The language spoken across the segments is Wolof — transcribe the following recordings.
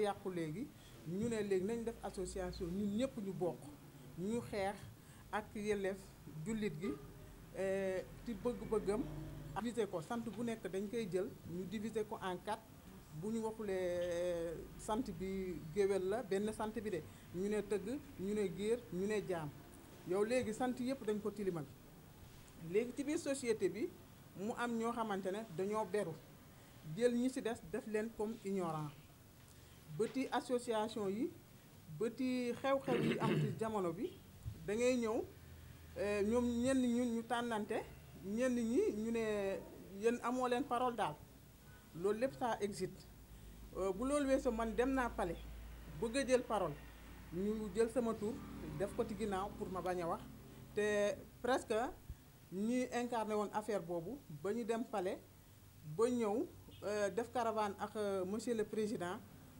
yàqu léegi ñu ne léegi nañ def association ñun ñëpp ñu bokk ñu xeex ak yelleef jullit gi eh, ci bëgg-bëggam diviser ko sant bu nekk dañ koy jël ñu diviser ko en quatre bu ñu waxulee eh, sant bi géwél la benn sant bi de ñu ne tëgg ñu ne géer ñu ne jaam yow léegi sant yëpp dañ ko tilimal léegi ci biir société bi mu am ñoo xamante ne dañoo beru jël ñi ci des def leen comme ignorant Nous association yi buti xew-xew yi am ci jamono bi da ngay ñëw eh, ñoom ñenn ñu ñenn parole existe bu man dem naa bëgg parole ñu jël sama tour, def ko pour ma bañ te presque incarné woon affaire boobu ba ñu dem eh, caravane avec eh, monsieur le président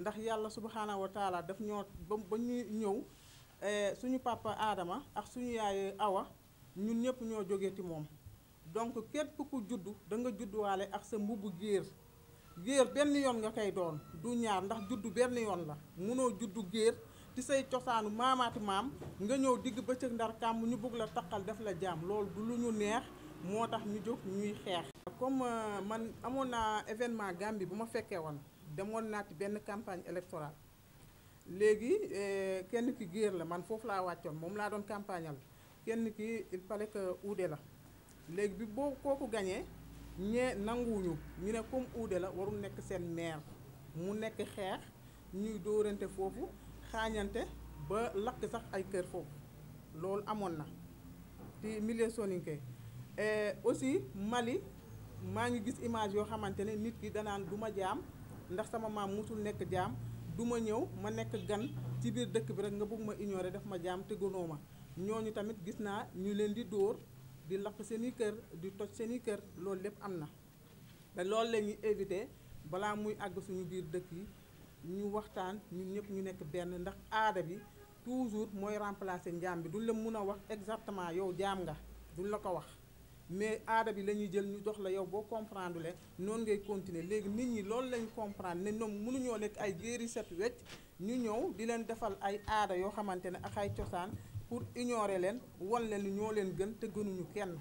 ndax yàlla subhaanahu wa taala daf ñoo ba ba ñuy ñëw eh, suñu papa aadama ak suñu yaay awa ñun ñëpp ñoo jógee ci moom donc képp ku judd da nga judduwaale ak sa mbubb géer géer benn yoon nga koy doon du ñaar ndax juddu benn yoon la munoo juddu géer ci say cosaanu maamaati maam nga ñëw digg ba bëccëg ndar kàmm ñu bugg la taqal def la jaam loolu du lu ñu neex moo tax ñu jóg ñuy xeex comme euh, man amoon naa événement Gambie bu ma fekkee woon demoon naa ci benn campagne électorale léegi eh, kenn ki géer la man foofu laa wàccoon moom laa doon campagnal kenn ki il fallait que uude la léegi bi boo kooku gañee ñee nanguwuñu ñu ne comme uude la warul nekk seen maire mu nekk xeex ñuy dóorante foofu xaañante ba lakk sax ay kër foofu loolu amoon na ci milieu soninke eh, aussi Mali maa ngi gis image yoo xamante ne nit ki danaan du ma jaam ndax sama maam musul nekk jaam du ma ñëw ma nekk gan ci biir dëkk bi rek nga bëgg ma ignorer daf ma jaam te gënoo ma ñooñu tamit gis naa ñu leen di dóor di lakk seen i kër di toj seen i kër loolu lépp am na te loolu la ñuy éviter balaa muy àgg suñu biir dëkk yi ñu waxtaan ñun ñëpp ñu nekk benn ndax aada bi toujours mooy remplacer njaam bi duñ la mun a wax exactement yow jaam nga duñ la ko wax mais aada bi la ñuy jël ñu jox la yow boo comprendre leen noonu ngay continuer léegi nit ñi loolu lañ comprendre ne ñoom mënuñoo lekk ay jéeri set wecc ñu ñëw di leen defal ay aada yoo xamante ne ak ay cosaan pour ignorer leen wan leen ni ñoo leen gën te gënuñu kenn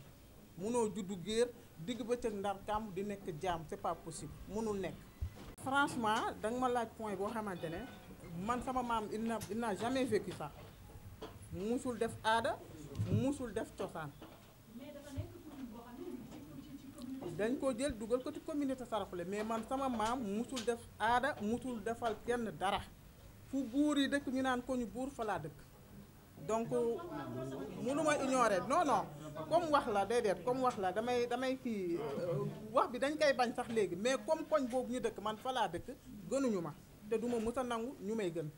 mënoo juddu géer digg bëccëg ndar kàmm di nekk jaam c'est pas possible mënul nekk. franchement da nga ma laaj point boo xamante ne man sama maam il n'a il n'a jamais vécu ça musul def aada musul def cosaan. dañ koo jël dugal ko ci communauté saraxule mais man sama maam mu musul def aada musul defal kenn dara fu buur yi dëkk ñu naan ko ñu buur falaa dëkk donc mënuma ignorer non non comme wax la déedéet comme wax la damay damay kii euh, wax bi dañ koy bañ sax léegi mais comme koñ boobu ñu dëkk man falaa laa dëkk gënuñu ma te duma mës a nangu ñu may gën